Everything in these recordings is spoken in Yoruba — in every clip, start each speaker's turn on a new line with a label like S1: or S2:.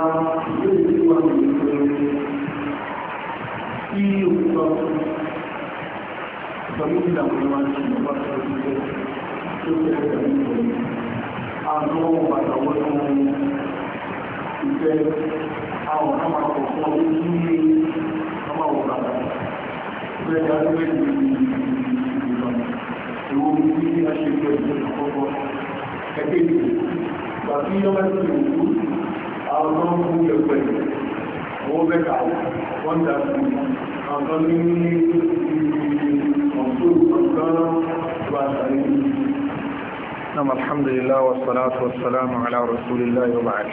S1: àwọn ìlú ìlú wà ní ìlú ìlú pẹ̀lú ìdàmọ́ máa ṣe ìjọba tó ti jẹ́ tó jẹ́ ìdàmọ́ ìpẹ̀lú àwọn bàtà wọ́n ìfẹ́ àwọn àmàkọ̀ fún ọdún tí ní àmàwọ̀ bàtà bẹ́ẹ̀ dájúwẹ́ ìwò ní bí a ṣe pẹ̀lú àkọ́kọ́ ẹgbẹ́ ìgbà tí yọ́ bá ti rẹ̀ àwọn tó ń kú ẹ̀pẹ̀ owó mẹ́ta wọ́n dà sí àwọn ní ọ̀tún ọ̀gán tó àtàrí
S2: نعم الحمد لله والصلاة والسلام على رسول الله وبعد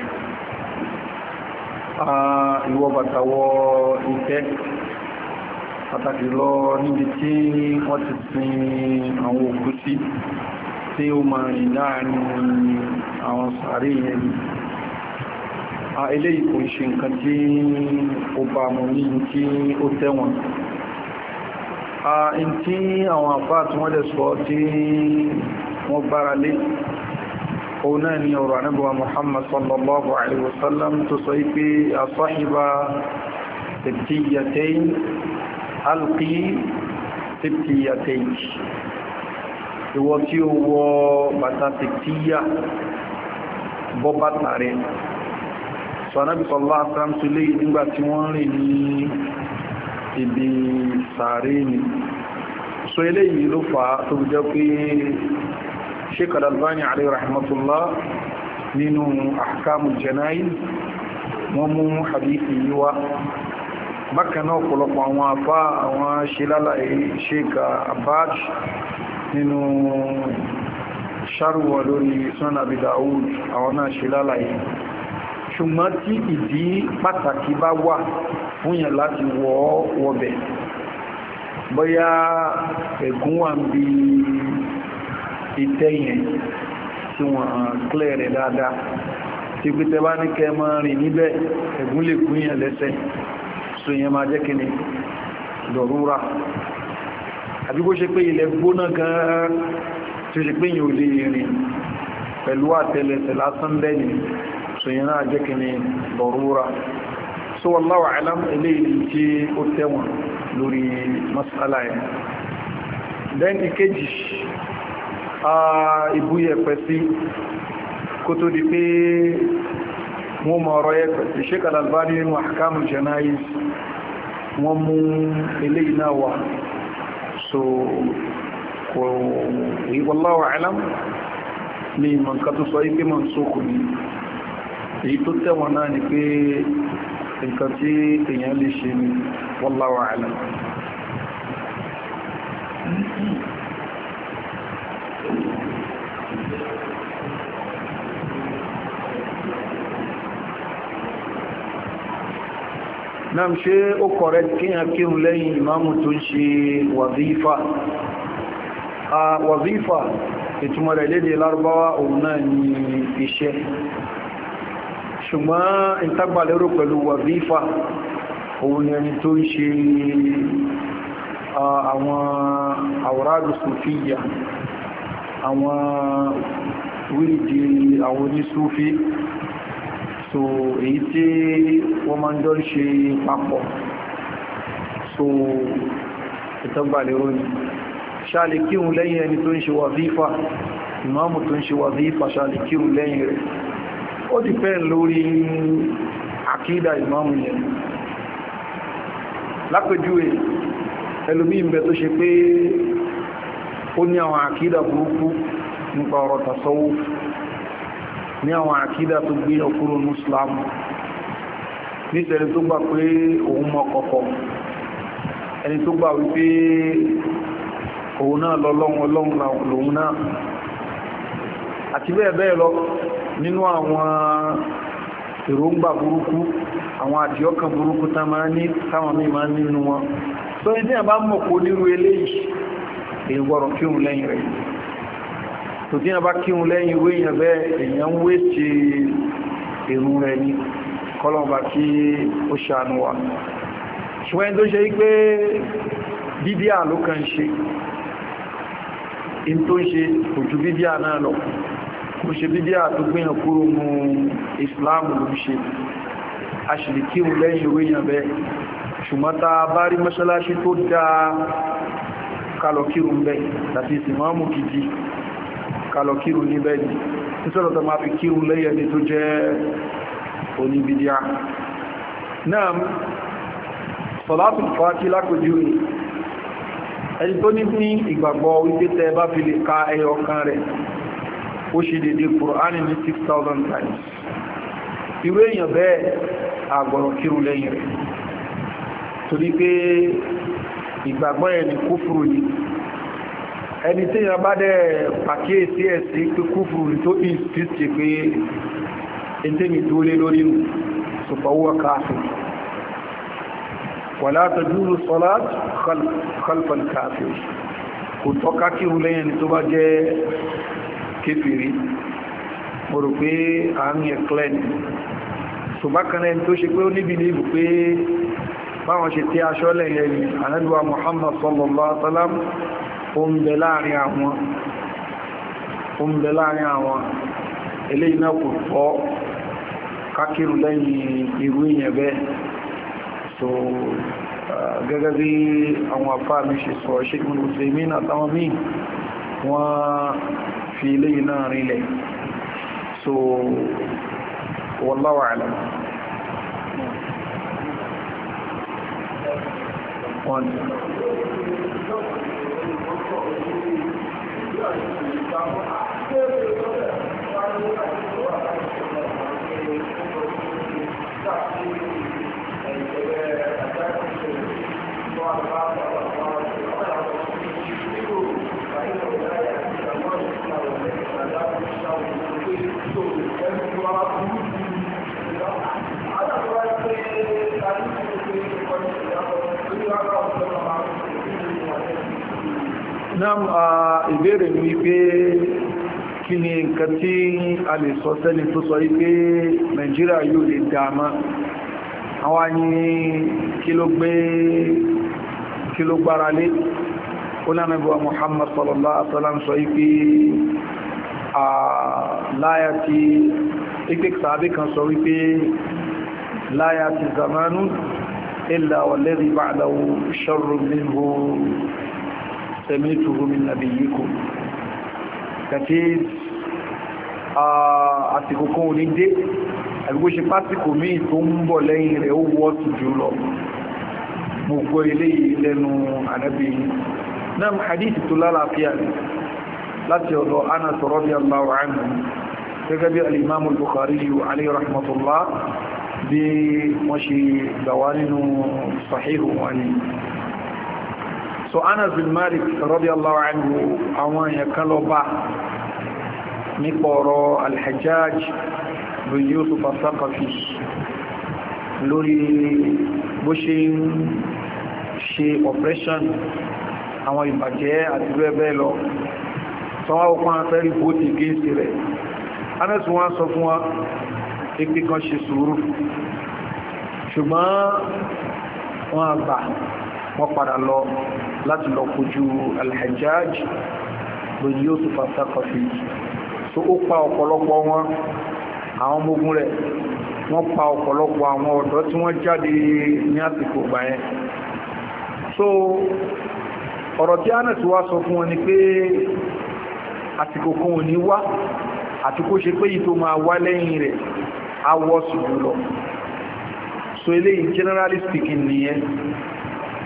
S2: ìwọ bàtàwọ ìtẹ́ pàtàkì lọ níbi tí wọ́n ti sin àwọn òkú sí tí ó máa rìn láàrin àwọn sàárè yẹn a eléyìí kò ṣe nǹkan tí ó bá mú ní tí ó tẹ́wọ̀n a in tí àwọn àpá tí wọ́n lè sọ tí wọ́n gbára lé òun náà ni ọ̀rọ̀ anábíwa Muhammad sallallahu alaihi wasallam tó sọ ipé asáhíbá tẹ̀tíyàtẹ́yìn alqi tẹ̀tíyàtẹ́yìn ìwọ tí ó wọ bàtà tẹ̀tíyà bọ́ rẹ̀ sọ̀nàbí sọ̀lá àtàntúlé nígbà tí wọ́n rìn ní ibi sàárè ni so eléyìí ló fà á tó jẹ́ pé Sheikh Al-Albani alayhi rahmatullah nínú ahkamul janayiz wọ́n mú hadithi yìí wá bákanáà ọ̀pọ̀lọpọ̀ àwọn afá lórí sunan Abi Dawud àwọn náà ṣelálàyé ṣùgbọ́n tí ìdí pàtàkì bá wà fún yàn láti wọ́ wọ́bẹ̀ bóyá ẹ̀gún wà ń bí ìtẹ́yìn tí wọ́n clear rẹ̀ dáadáa tí pé tẹ́bá ní kẹ mọ́ rìn níbẹ̀ ẹ̀gún lè kún yàn lẹ́sẹ̀ so yẹn máa jẹ́ kí ni dọ̀rúra àbí kó ṣe pé ilẹ̀ gbóná gan tí ó ṣe pé yàn ò lè rìn pẹ̀lú àtẹ́lẹsẹ̀ lásán bẹ́ẹ̀ so yẹn náà jẹ́ kí ni bọ̀rúra so wallahu alam eléyìí tí ó tẹ́wọ̀n lórí masala yẹn then ìkejì ìbúyẹ̀ pẹ̀ sí kó tó di pé wọ́n mọ̀ ọ̀rọ̀ yẹn pẹ̀ sí Sheikh nínú ahkamul janayiz wọ́n mú eléyìí náà wà so kò wallahu alam ní ìmọ̀ nǹkan tó sọ ipé mọ̀ sókò ní èyí tó tẹ́wọ̀n náà ni pé nǹkan tí èèyàn lè ṣe ni wallahu a'lam náà ṣe ó kọ̀rẹ́ kíyàn kíhùn lẹ́yìn ìmáàmù tó ń ṣe wàzífà wàzífà ìtumọ̀ rẹ̀ lédè lárúbáwá òun náà ni iṣẹ́ ṣùgbọ́n ìtàgbàlérò pẹ̀lú wàzífà òun ni ẹni tó ń ṣe ah, àwọn àwòrádù sùfíyà àwọn wíìdì àwọn onísúfí so èyí tí wọ́n máa ń jọ ń ṣe papọ̀ so ìtàgbàlérò ni ṣàlẹ̀ kírun lẹ́yìn ẹni tó ń ṣe wàzífà ìmáàmù tó ń ṣe wàzífà ṣàlẹ̀ lẹ́yìn rẹ̀ ó ti fẹ́ lórí àkídà ìmáàmù yẹn lápẹjúwe ẹlòmí ìbẹ̀ tó ṣe pé ó ní àwọn àkídà burúkú nípa ọ̀rọ̀ tàṣọ́wó ní àwọn àkídà tó gbé ọkúrò muslim nítorí tó gbà pé òun mọ̀ kọ̀kọ̀ ẹni tó gbà wípé òun náà lọ́lọ́run ọlọ́run lòun náà àti bẹ́ẹ̀ bẹ́ẹ̀ lọ nínú àwọn èròǹgbà burúkú àwọn àdíọ́kàn burúkú tá máa ní táwọn mí máa nínú wọn tó ní tí a bá mọ̀ kó nírú eléyìí èyí gbọ́rọ̀ kíhun lẹ́yìn rẹ̀ tó tí a bá kíhun lẹ́yìn ìwé èèyàn bẹ́ẹ̀ èèyàn wé ti èrú rẹ̀ ní kọlọ̀mbà tí ó ṣàánú wa ṣùgbọ́n tó ṣe wípé bíbíà ló kàn ṣe in tó ṣe kò bíbíà náà lọ kò ṣe bí díà tó gbìyàn kúrò mú islam ló ń ṣe a ṣe lè kírun lẹ́yìn ìwé yàn bẹ́ ṣùgbọ́n ta bá rí mọ́ṣálásí tó dáa kalọ̀ kírun bẹ́ àti ìsìnmọ́mù gidi kalọ̀ níbẹ̀ ni nítorí tó máa fi kírun lẹ́yìn ẹni tó jẹ́ oníbídíà náà sọ̀látù fàájí ní ìgbàgbọ́ wípé tẹ bá fi lè ka ẹyọ kan rẹ̀ ó ṣe dédé kùránì ní 6,000 times irú èyàn bẹ́ẹ̀ àgbọ̀rọ̀ kírù lẹ́yìn rẹ̀ torí pé ìgbàgbọ́ ẹ̀ ni kúfùrù ni ẹni tí yàn bá dẹ̀ pàkíyèsí ẹ̀ sí pé kúfùrù tó ìsìsì pé ẹ̀tẹ́mi tó lé lórí nù sọ̀fọ̀wọ́ káàfin wàlá tàjúrù sọ́lá khalfal káàfin kò tọ́ká kírù lẹ́yìn tó bá jẹ́ kéfìrí mo rò pé a ń yẹ clẹ́ni ṣùgbákanẹ́ tó ṣe pé ó níbi níbi pé báwọn ṣe tí aṣọ lẹ́yẹ ni ànábíwá Muhammad sallallahu alaihi wasallam ó ń bẹ láàrin àwọn ó ń bẹ láàrin àwọn eléyìí náà kò tọ́ kákírù lẹ́yìn irú èèyàn bẹ́ẹ̀ so gẹ́gẹ́ bí àwọn afá mi ṣe sọ ṣe ìmúlùsẹ̀ mí àtàwọn míì wọ́n fi eléyìí náà rinlẹ̀ so wallahu a'lam
S1: Thank you.
S2: náà ìbéèrè ní wípé kí ni nǹkan tí a lè sọ sẹ́ni tó sọ wípé Nàìjíríà yóò lè dáama àwọn ni kí ló gbé kí ló gbára lé onáàmẹ́bọ̀ Muhammad sallallahu alaihi wasallam sọ wípé láyá ti ipé sàábé kan sọ wípé láyá ti zamanu illa walladhi ba'dahu sharrun سمعته من نبيكم كثير àtìkòkò onídé àgbóṣe pásìkò míì tó ń bọ̀ lẹ́yìn rẹ̀ ó wọ́ ti jù lọ mo gbọ́ ilé yìí lẹ́nu ànábì náà hadithi tó lálàáfíà láti ọ̀dọ̀ Anas radiyallahu anhu gẹ́gẹ́ bí al-Imam al-Bukhari alayhi rahmatullah bí wọ́n ṣe gbàwá nínú sahihu wọn ni so Anas bin Malik radiyallahu anhu àwọn èèyàn kan lọ bá nípa ọ̀rọ̀ al-Hajjaj bin Yusuf as-Saqafi lórí bó ṣe ń ṣe operation àwọn ìbàjẹ́ àti bẹ́ẹ̀bẹ́ẹ̀ lọ sọ́wọ́ ọkùn afẹ́rí bóti gẹ́ẹ̀sì rẹ̀ anẹ́sùn wọ́n sọ wa ipi kan ṣe sùúrù ṣùgbọ́n wọ́n àgbà wọ́n padà lọ láti lọ kojú alhajjaj bin Yusuf asakafi so ó pa ọ̀pọ̀lọpọ̀ wọn àwọn ọmọ ogun rẹ̀ wọ́n pa ọ̀pọ̀lọpọ̀ àwọn ọ̀dọ́ tí wọ́n jáde ní àsìkò gbà yẹn so ọ̀rọ̀ tí a nẹ̀tí wá sọ fún wọn ni pé àsìkò kan ò ní wá àti kó ṣe pé yìí tó máa wá lẹ́yìn rẹ̀ awọ́ sùn lọ so eléyìí generally speaking nìyẹn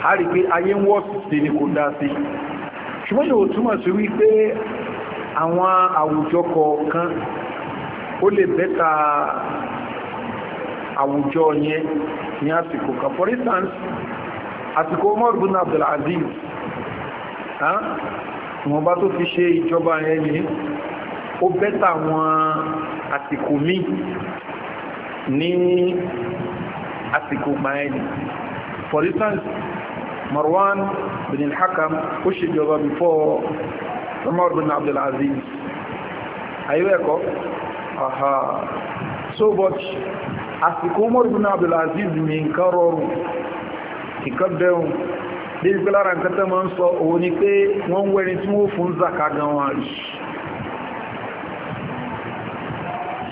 S2: a rí pé ayé ń wọ́ sí ni kò dá sí ṣùgbọ́n yóò túmọ̀ sí wípé àwọn àwùjọ kọ̀ọ̀kan ó lè bẹ́ta àwùjọ yẹn ní àsìkò kan for instance àsìkò Umar bin Abdul Aziz wọn bá tó fi ṣe ìjọba yẹn ni ó bẹ́ta àwọn àsìkò míì ní àsìkò gbà yẹn for instance Marwan bin al-Hakam ó ṣèjọba before Umar bin Abdul Aziz ayúwẹ́kọ́ aha so but àsìkò Umar bin Abdul Aziz ní nǹkan rọrùn nǹkan bẹ̀rùn bí i pé lára nǹkan tẹ́ máa ń sọ òun ni pé wọ́n wẹ́rin tí wọ́n fún zaka gan wọn rí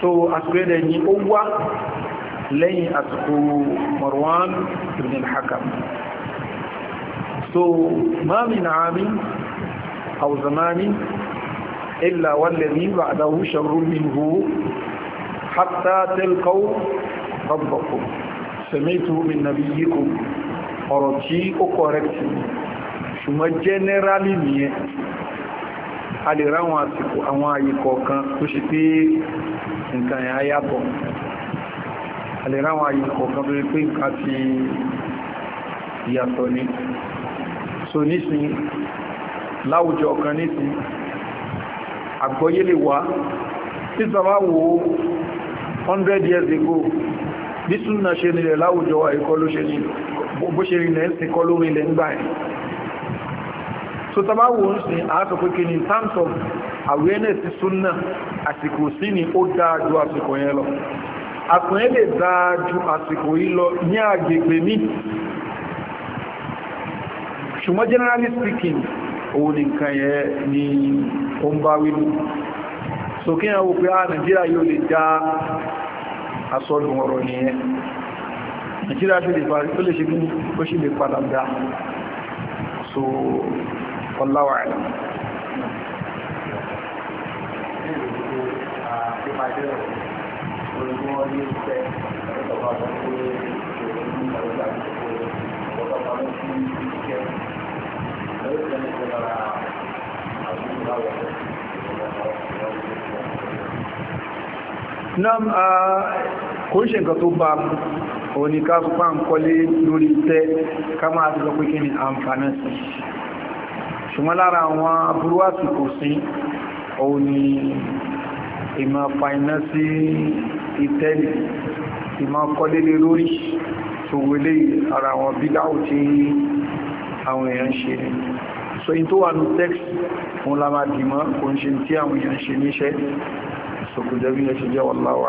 S2: so àsìkò ẹ̀dẹ̀ ni ó wá lẹ́yìn àsìkò Marwan bin al-Hakam ما من عام أو زمان إلا والذي بعده شر منه حتى تلقوا ربكم سمعته من نبيكم أرتي أقرأتي ṣùgbọ́n jẹ́nẹ́rálì nìyẹn a lè ráwọn àsìkò àwọn àyè kọ̀ọ̀kan tó ṣe pé nǹkan yà yàtọ̀ a lè ráwọn àyè kọ̀ọ̀kan tó ṣe pé nǹkan ti yàtọ̀ ní so nísìn láwùjọ kan nísìn àgbọ́yé lè wá tí sọmá wo 100 years ago bí súnà ṣe nílẹ̀ láwùjọ àìkọ́ ló ṣe nílẹ̀ bó ṣe rìnlẹ̀ ń sin kọ́ lórí ilẹ̀ ń gbà ẹ̀ so wo ń sin àásọ pé kí ni awareness súnà àsìkò sí ni ó dáa ju àsìkò yẹn lọ ṣùgbọ́n generally speaking òun ni nǹkan yẹ ni ó ń bá wínú so kí ẹwọ pé a ah, Nàìjíríà yóò lè já asọ́dùn ọ̀rọ̀ nìyẹn Nàìjíríà tó lè parí tó lè ṣe gún ó sì lè padà dá so ọláwà rẹ̀
S1: Thank you
S2: nam a kò ń ṣe nǹkan tó bá òní ká fúnpá ń kọlé lórí tẹ́ ká máa ti lọ pé kí ni àǹfààní sí ṣùgbọ́n lára àwọn aburú àsìkò sí òun ni ìmọ̀ fàìnà sí ìtẹ́lì so wele ara wọn bídáwò tí àwọn èèyàn ṣe ni so in tó wà ní text fún lámà dìmọ́ kò ń ṣe tí àwọn èèyàn ṣe níṣẹ́ so kò jẹ́ bí ẹ ṣe jẹ́ wallahu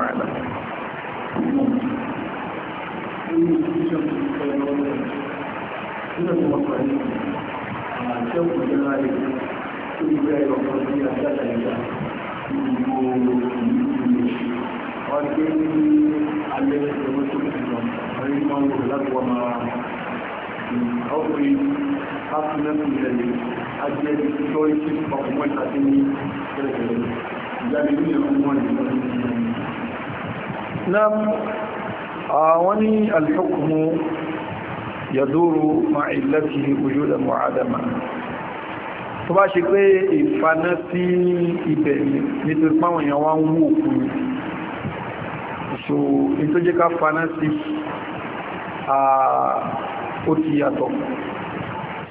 S1: Wọ́n gbé ní ayẹyẹ ìwé tó ti lọ ayé máa ń wò láti wọ́n máa ọkùnrin happiness ìrẹ̀lẹ̀ ajé security ọkùnrin ìtàkì ní ẹ̀rẹ̀ ìjáde ní ọkùnrin nam
S2: àwọn ní alhukumu yadúrú ma ìlẹ́tì ojúdà mọ̀ adama tó bá ṣe pé ìfaná sí ibẹ̀ nítorí páwọn èèyàn wá ń wò fún mi so in tó jẹ́ ká faná sí ó ti yàtọ̀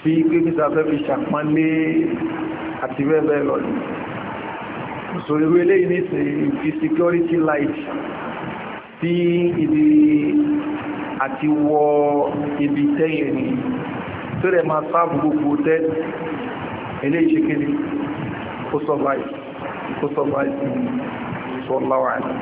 S2: sí gbígbíta fẹ́ fi ṣàpánlé àti bẹ́ẹ̀bẹ́ẹ̀ lọ ní so irú eléyìí ní sí ìfi security light sí ibi àti wọ ibi tẹ́yẹ̀ ni tó rẹ̀ máa sáàbù gbogbo tẹ́ eléyìí ṣe kéde ó survive ó survive sọ́láwà ní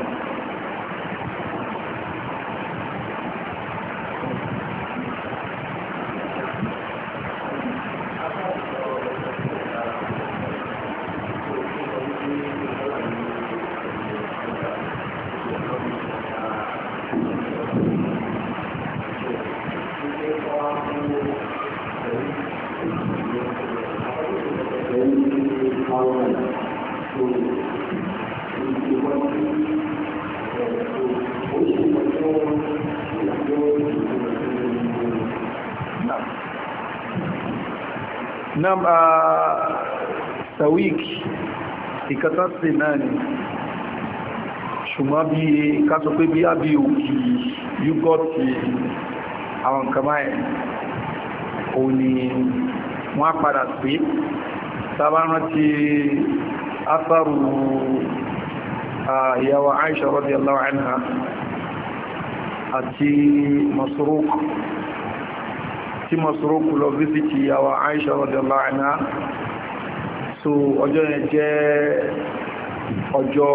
S2: nam a ah, sawik ìkàtà sí náà ni ṣùgbọ́n bí ká sọ pé bí ábí òkì yúgọ́tì àwọn nǹkan báyìí òun ni wọ́n á padà pé sábà rántí ah, Aisha radiyallahu anha àti Masruq tí Masruku lọ fíṣítì ìyàwó Aisha radiyallahu anha so ọjọ́ yẹn jẹ́ ọjọ́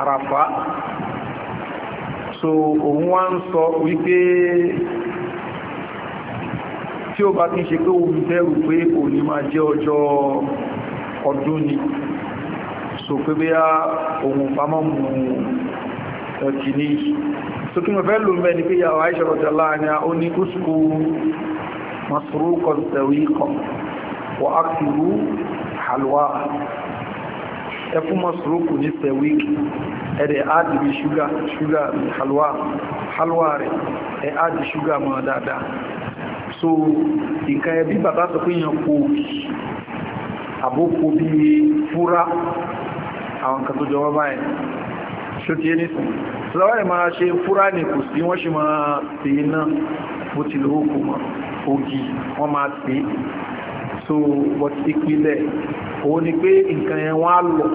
S2: àràfà eh, so òun wá ń sọ wípé tí ó bá kí ń ṣe pé òun bẹ̀rù pé òní máa jẹ́ ọjọ́ ọdún ni so pé bí a òun pamọ́ mú ẹ̀kì ní tó kí mo fẹ́ lò mẹ́ ní pé yàwó Aisha radiyallahu anha ó ní usku masruqan sawiqan wa aktiru halwa ẹ fún masruqu ní sawiq ẹ̀rẹ̀ áàdì bí ṣúgá ṣúgá halwa halwa rẹ̀ ẹ̀ áàdì ṣúgá mọ́ dáadáa so nǹkan ẹbí bàbá sọ pé èèyàn kò àbókò bí fúra àwọn kan tó jọ wọ́n báyìí sọ́lọ́wọ́ ìmọ̀ ṣe fúra ní kò sí wọ́n ṣe máa tè iná bó ti lè hókù mọ́ ògì wọ́n máa tè so but ìpìlẹ̀ òun ni pé nǹkan yẹn wọ́n á lọ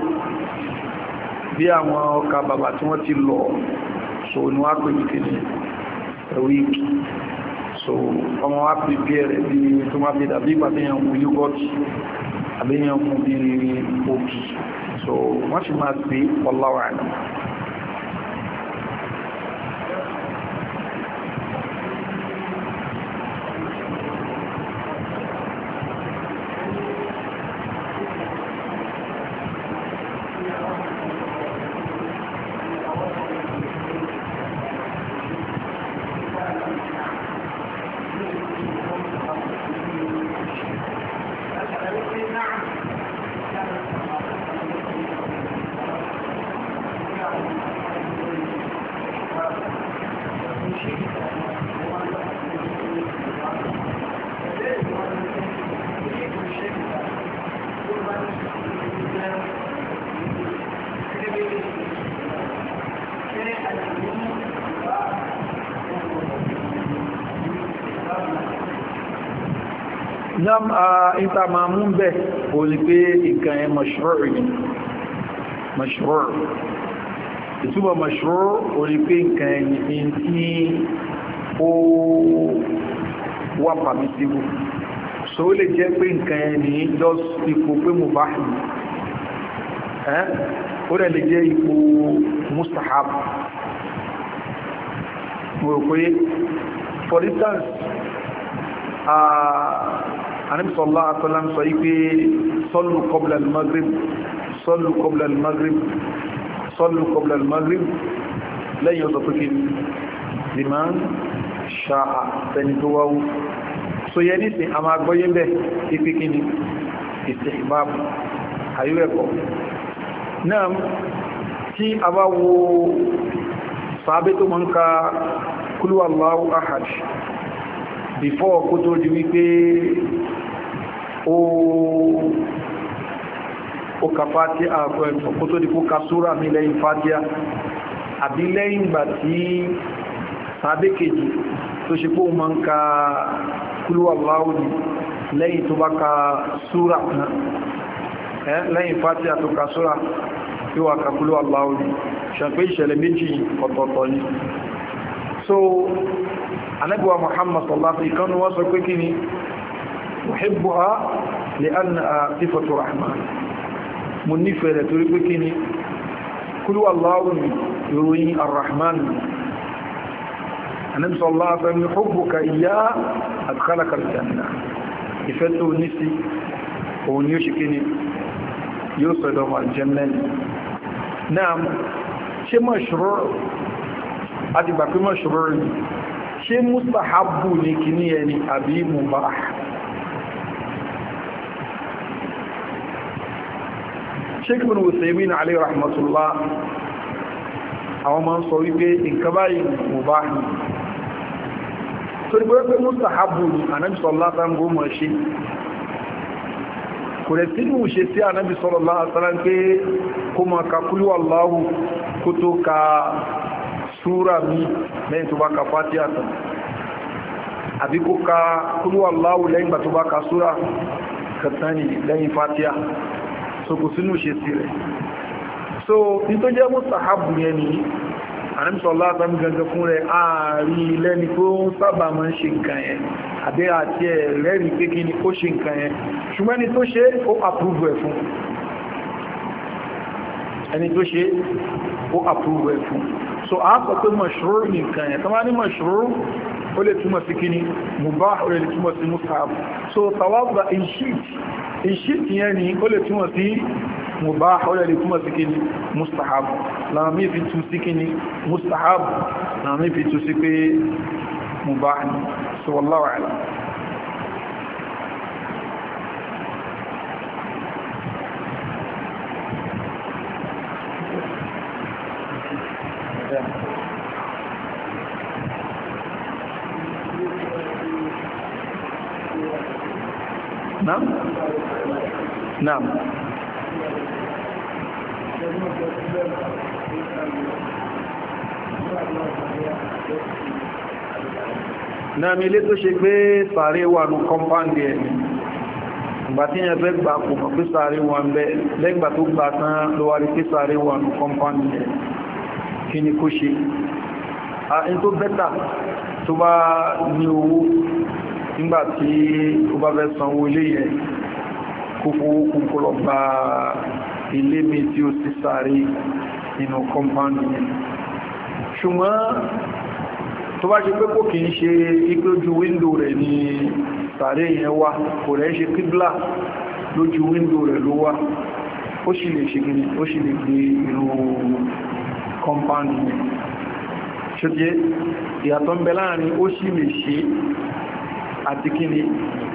S2: bí àwọn ọkà bàbà tí wọ́n ti lọ so ni wọ́n á pè nìkan ní ẹ̀wíìkì so ọmọ wa pè bí ẹ̀rẹ̀ bí tó máa fi dàbí ìpàdé yẹn mú yúgọ́tì àbí yẹn mú bí ògì so wọ́n sì máa tè ọláwà náà náà ìta máa mú bẹ̀ o ní pé nǹkan ẹ mashru' ni mashru' ìtúbọ̀ mashru' o ní pé nǹkan ẹni tí ó wà pàmísíwò so ó lè jẹ́ pé nǹkan ẹni just ipò pé mubah ó rẹ̀ lè jẹ́ ipò mustahab mo rò pé for instance anábìsọ̀lá àtọ́lá ń sọ ipé sọ́lù kọbla al-maghrib sọ́lù kọbla al-maghrib sọ́lù kọbla al-maghrib lẹ́yìn ọ̀sọ̀ pé kí ni ma ń ṣàà tẹni tó wáwú so yẹ nísìn a máa gbọ́yé bẹ́ ipé kí ni istihbab ayúwẹ̀kọ́ náà tí a bá wo sàábé tó mọ́ ń ka kúlúwàláwú ahad before kó tó di wípé ó ka fátíà kó tó di kó ka súrà mi lẹ́yìn fátíà àbí lẹ́yìn ìgbà tí sàbẹ́kejì tó ṣe pé ó máa ń ka kúlúwà láwùdí lẹ́yìn tó bá ka súrà náà lẹ́yìn fátíà tó ka súrà tí wà ka kúlúwà láwùdí ṣàpé ìṣẹ̀lẹ̀ méjì ọ̀tọ̀ọ̀tọ̀ ni so anẹ́bùwa muhammad sallallahu ikanu wọ́n sọ pé kí ni uhibbuha لأنها صفة رحمن من نفر تريبكني كل الله يروي الرحمن النبي صلى الله عليه وسلم حبك إياه أدخلك الجنة ìfẹ́tò nísí òun ni ó ṣe kíni yóò sọ̀dọ̀ wà jẹ́mẹ́lì náà ṣe mọ̀ ṣòro àti gbàgbé mọ̀ ṣòro rẹ̀ ṣe mustahabu ní kíní ẹni àbí mubah sheik bin Usaimin alayhi rahmatullah àwọn máa ń sọ wípé nǹkan báyìí mubah torí pé mustahabu Ànábì sallallahu alaihi wasallam mọ̀ ṣe kò rẹ̀ sínú ṣe sí Ànábì sallallahu alaihi wasallam pé kó máa ka kúlú Allahu kó tó ka súra mi lẹ́yìn tó bá ka Fatiha tán àbí kó ka kúlú Allahu lẹ́yìn tó bá ka súra kàtàní lẹ́yìn Fatiha so kò sínú ṣe sí rẹ̀ so ní tó jẹ́ mustahabu yẹn ni àrímsọ̀lá àtàmì gangan fún rẹ̀ ààrí lẹ́ni pé ó ń sábà máa ń ṣe nǹkan yẹn àbí àti ẹ̀ rẹ́rìí pé kí ni ó ṣe nǹkan yẹn ṣùgbọ́n ẹni tó ṣe ó approve ẹ̀ fún ẹni tó ṣe ó approve ẹ̀ fún so a sọ pé mọ̀ṣúrú nǹkan yẹn tó bá ní mọ̀ṣúrú ó lè túmọ̀ sí kíní mubah ó lè túmọ̀ sí mustahab so tawaba inshit inshit yẹn ni ó lè túmọ̀ sí mubah ó lè túmọ̀ sí kíní mustahab làwọn fi tún sí kíní mustahab làwọn fi tún sí pé mubah ni so wallahu a'lam Naam. Naam ilé tó ṣe pé sàárè wà ní kọ́mpáǹdì ẹ̀. Ìgbà tí yẹn fẹ́ gbà kò mọ̀ pé sàárè wà ń bẹ lẹ́gbà tó gbà tán ló wá rí pé sàárè wà ní kọ́mpáǹdì ẹ̀. Kí ni kó ṣe? A ń tó bẹ́tà tó bá ní owó nígbà tí ó bá fẹ́ sanwó ilé yẹn kókòókùn kó lọ bá ilé mi tí ó sì sáré nínú kọmpáàdì yẹn ṣùgbọ́n tó bá ṣe pé kò kí ń ṣe igbójú wíńdò rẹ̀ ní sáré yẹn wá kò rẹ̀ ṣe kíblà lójú wíńdò rẹ̀ ló wá ó sì lè ṣe gini ó sì lè gbé irú kọmpáàdì yẹn ìyàtọ̀ ń bẹ láàrin ó sì lè ṣe àti kíni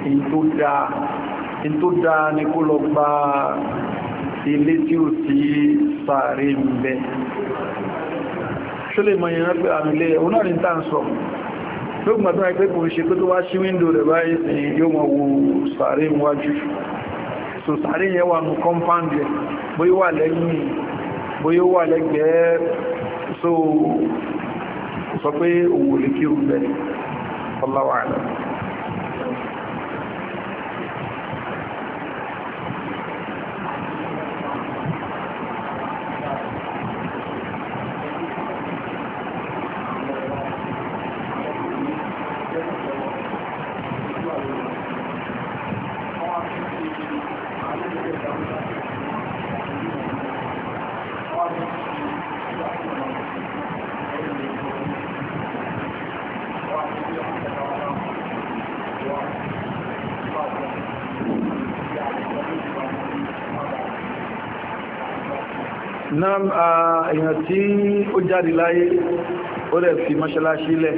S2: èyí tó dáa in tó dáa ní kó lọ gba ilé tí ó ti sàárè ń bẹ ṣó lè mọ̀ ìran pé àmì ilé ẹ̀wọ̀n náà ní tàà ń sọ lóògùn àdúrà pé kò ṣe pé tó wá sí wíńdò rẹ̀ báyìí so sàárè yẹn compound rẹ̀ bóyí wà lẹ́yìn so sọ pé òwò lè kírù bẹ́ẹ̀ Allahu a'lam náà èèyàn tí ó jáde láyé ó rẹ̀ fi mọ́ṣáláṣí lẹ̀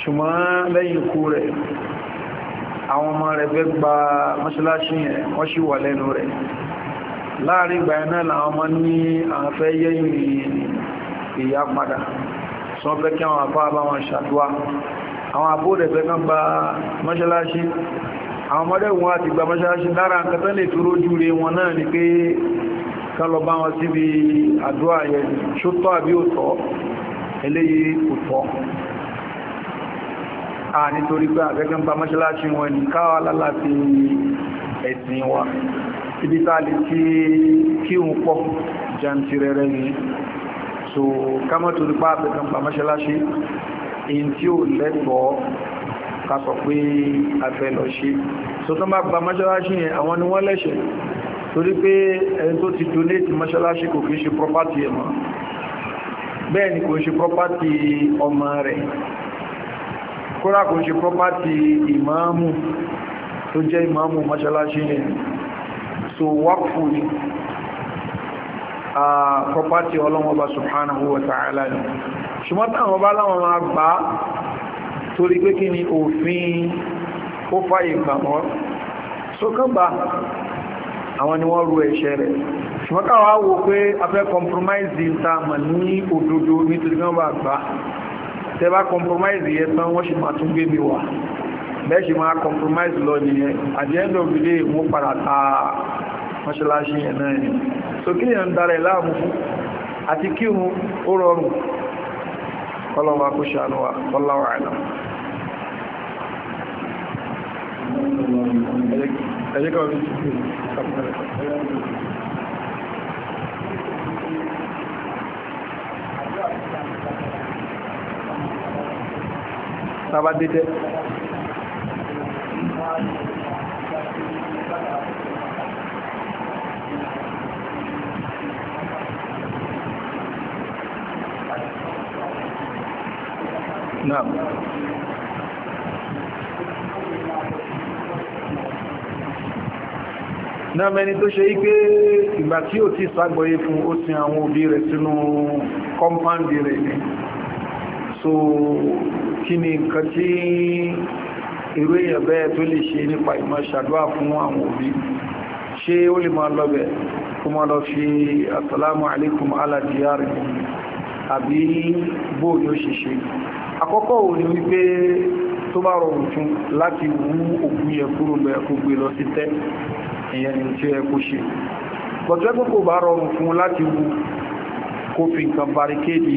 S2: ṣùgbọ́n lẹ́yìn ikú rẹ̀ àwọn ọmọ rẹ̀ fẹ́ gba mọ́ṣáláṣí yẹn wọ́n sì wà lẹ́nu rẹ̀ láàrin ìgbà yẹn náà làwọn ọmọ ní àwọn fẹ́ yẹ́yìn ìyá padà sọ fẹ́ kí àwọn àpá ká lọ bá wọn síbi àdúrà yẹn ṣótọ́ àbí òtọ́ eléyìí òtọ́ a nítorí pé àgẹ́gẹ́ ń bá mọ́ṣáláṣí wọn ní káwà láláti ẹ̀sìn wa ibi tá lè kí kí òun pọ̀ jàǹtì rẹ̀rẹ̀ yìí so kámọ́ torí pé àgẹ́gẹ́ ń bá mọ́ṣáláṣí èyí tí ó lẹ́tọ̀ọ́ ká so tó bá bá mọ́ṣáláṣí yẹn torí pé ẹni tó ti donate mọ́ṣálásí kò kìí ṣe property ẹ̀ mọ́ bẹ́ẹ̀ ni kò ṣe property ọmọ rẹ̀ kóra kò ṣe property ìmáàmù tó jẹ́ ìmáàmù mọ́ṣálásí ni so wákùú ni property ọlọ́mọba subhanahu wa ta'ala ni ṣùgbọ́n táwọn ọba láwọn máa gbà á torí pé kí ni òfin ó fàyè gbà so kán àwọn ni wọ́n ru ẹ̀ṣẹ̀ rẹ̀ ṣùgbọ́n káwa wo pé a fẹ́ compromise ta mà ní òdodo nítorí kan bá gbà tẹ́ bá compromise yẹn tán wọ́n ṣe máa tún gbé mi wá bẹ́ẹ̀ ṣe máa compromise lọ nìyẹn at the end of the day mo padà ta mọ́ṣáláṣí yẹn náà ni so kí ni à ń dára ẹ̀ láàmú fún àti kírun ó rọrùn kọlọ́wà kó ṣàánú wa kọlọ́wà àìlà
S1: Thank you. Sábà dédé. Náà.
S2: náà mẹ́ni tó ṣe yí pé ìgbà tí ò ti ságbọ́yé fún ó sin àwọn òbí rẹ̀ sínú kọ́mpáǹdì rẹ̀ ni so kí ni nǹkan tí irú èèyàn bẹ́ẹ̀ tó lè ṣe nípa ìmọ̀ ṣàdúrà fún àwọn òbí ṣé ó lè máa lọ bẹ̀ kó máa lọ fi assalamu alaikum ala diyari àbí bóòlù òṣìṣẹ́ àkọ́kọ́ ò ní wípé tó bá rọrùn fún láti wú òkú yẹn kúrò bẹ́ẹ̀ kó gbé lọ sí tẹ́ ìyẹn ni tí ẹ kó ṣe bọ̀tọ́ ẹgbẹ́ kò bá rọrùn fún láti wu kó fi nǹkan barricade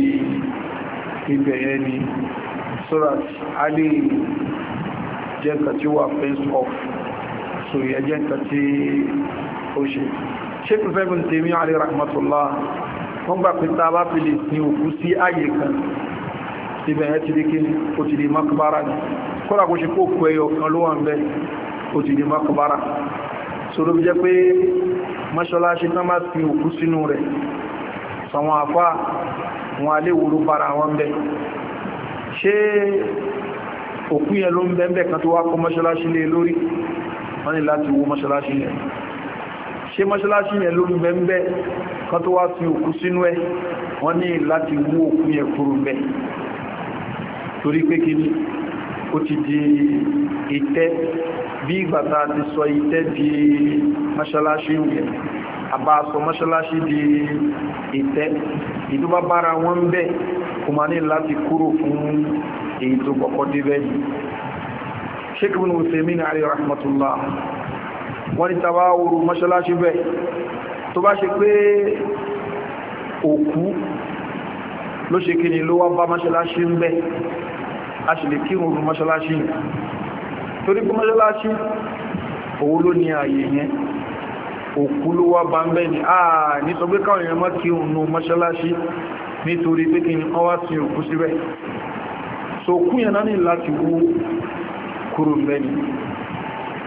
S2: ibẹ̀ yẹn ni so that a lè jẹ́ nǹkan tí ó wà fence off so yẹ jẹ́ tí ó ṣe sheikh fẹ́gun tèmi àrí rahmatullah wọ́n gbà pé tàbá fi lè òkú sí ààyè kan ibẹ̀ yẹn ti di ni ó ti di makbara ni kọ́lá kó ṣe kó kú ẹyọ kan ló wà ń bẹ́ ó ti di makbara sọ̀rọ̀ bí jẹ́ pé mọ́ṣọ́láṣí tán bá fi òkú sínú rẹ̀ sọ̀wọ́n àfá wọn aléwòrò bára wọn bẹ́ ṣé òkú yẹn ló ń bẹ́ bẹ́ kan tó wá kó mọ́ṣọ́láṣí lé lórí wọ́n ní láti wo mọ́ṣọ́láṣí yẹn ṣé mọ́ṣọ́láṣí ìtẹ́ bí ìgbàta ti sọ ìtẹ́ di mọ́ṣálásí rẹ̀ àbáṣọ mọ́ṣálásí di ìtẹ́ ìdúbà bára wọn ń bẹ́ kò máa ní láti kúrò fún èyí tó kọ́kọ́ débẹ̀ yìí Sheikh Ibn Uthaymeen alayhi rahmatullah wọ́n ni tàbá oru mọ́ṣálásí bẹ́ tó bá ṣe pé òkú ló ṣe kí ni ló wá bá mọ́ṣálásí ń bẹ́ a ṣe lè kírun oru mọ́ṣálásí torí kí mọ́ṣáláṣí owó ló ní ààyè yẹn òkú ló wá bá ń bẹ́ ni àà ní sọ pé káwọn èèyàn má kí òun nù mọ́ṣáláṣí nítorí pé kí wọ́n wá sí òkú síbẹ̀ so òkú yẹn náà ní láti wú kúrò mẹ́ni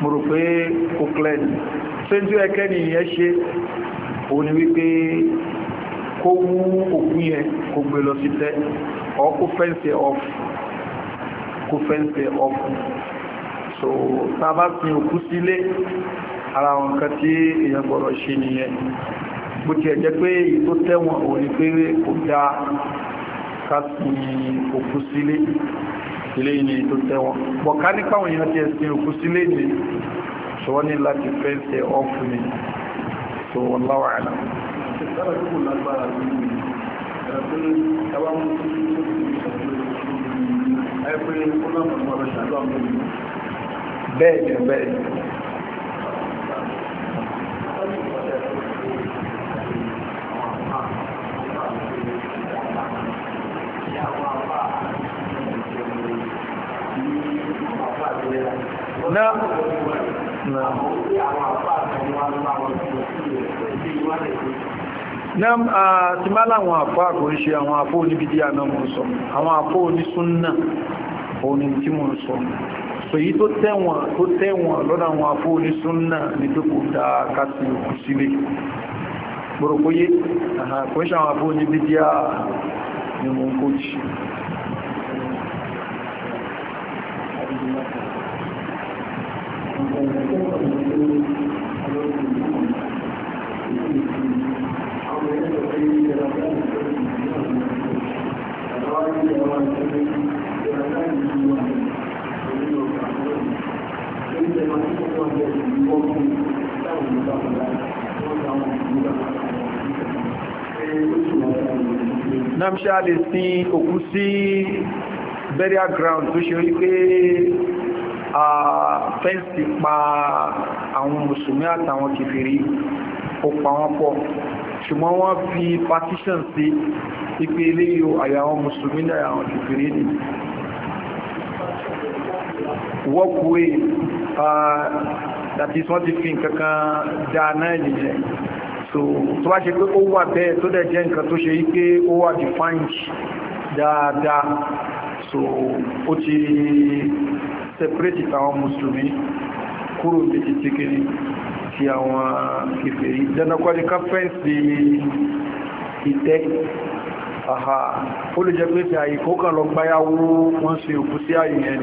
S2: mo rò pé kò clear ni sẹ́ńtú ẹ̀kẹ́ ni ìyẹn ṣe òun ni wípé kó wú òkú yẹn kó gbé lọ sí tẹ́ ọ fẹ́ǹsì ọ̀f kó fẹ́ǹsì ọ̀f so tàbá fi òkú sílé ara wọn kan tí èyàn gbọ́rọ̀ ṣe nìyẹn bó ti ẹ̀jẹ́ pé èyí tó tẹ́wọ̀n ò ní pé kò dá ká sin òkú sílé ilé ní èyí tó tẹ́wọ̀n bọ̀ ká ní káwọn èèyàn ti ẹ̀sìn òkú sílé ní ṣọwọ́ ní láti fẹ́ ọ́fù ni so wallahu a'lam
S1: Ẹgbẹ́ bẹ́ẹ̀ ni bẹ́ẹ̀ ni na
S2: nam a ti má láwọn àpá kò ń ṣe àwọn àpó oníbìdí àná mọ́ sọ àwọn àpó onísúnnà òní tí mọ́ sọ èyí tó tẹ́wọ̀n tó tẹ́wọ̀n lọ́dọ̀ àwọn afóòlì súnnà ní tó kò dáa kásì òkú sílé gbòrògbóyé àkọ́ṣà àwọn afóòlì bídíà ni mo
S1: ń kójì Thank you.
S2: Namṣá lè sin òkú sí burial ground tó ṣe rí pé a fẹ́ǹsì pa àwọn mùsùlùmí àtàwọn kìfìrí ó pa wọ́n pọ̀ ṣùgbọ́n wọ́n fi partition sí ipe ilé yóò àyàwọn mùsùlùmí náà àwọn kìfìrí ni walkway fa tàbí wọ́n ti fi nǹkankan dáná ìyẹn so tó wá ṣe pé ó wà bẹ́ẹ̀ tó dẹ̀ jẹ́ nǹkan tó ṣe wípé ó wà defined dáadáa so ó ti separate àwọn mùsùlùmí kúrò ní ti tíkiri ti àwọn kèfèrí dandakwadi conference di ìtẹ́ àhà ó lè jẹ́ pé ti àyíkó kan lọ gbáyàwó wọ́n ṣe òkú sí àyíyẹn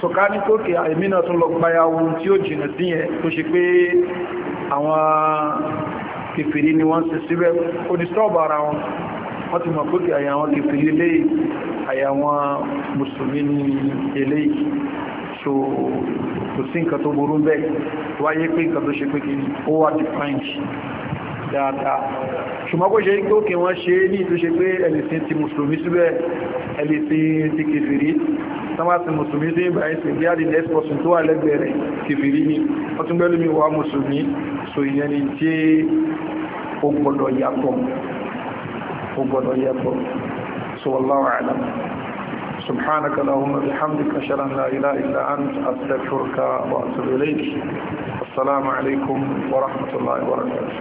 S2: sọ̀ká ní kókè àìmí náà tún lọ gbayawó tí ó jìnà sí yẹn tó ṣe pé àwọn kèfèrí ni wọ́n ṣe síbẹ̀ ó di sọ́ọ̀bù ara wọn wọ́n ti mọ̀ kókè àyà àwọn kèfèrí eléyìí àyà àwọn mùsùlùmí ní eléyìí so kò sí nǹkan tó burú bẹ́ẹ̀ wáyé pé nǹkan tó ṣe pé kí ó wà dáadáa ṣùgbọ́n kó ṣe ń tó kí wọ́n ṣe ní ìtúnṣe pé ẹlẹ́sìn ti mùsùlùmí síbẹ̀ ẹlẹ́sìn ti kèfèrí sáwá ti mùsùlùmí sí ìbá ẹ̀sìn bí àdì next person tó wà lẹ́gbẹ̀ẹ́ rẹ̀ kèfèrí ni wọ́n tún gbẹ́lú wà mùsùlùmí so ìyẹn tí سبحانك اللهم بحمدك أشهد أن لا إله إلا أنت
S1: أستغفرك وأتوب إليك السلام عليكم ورحمة الله وبركاته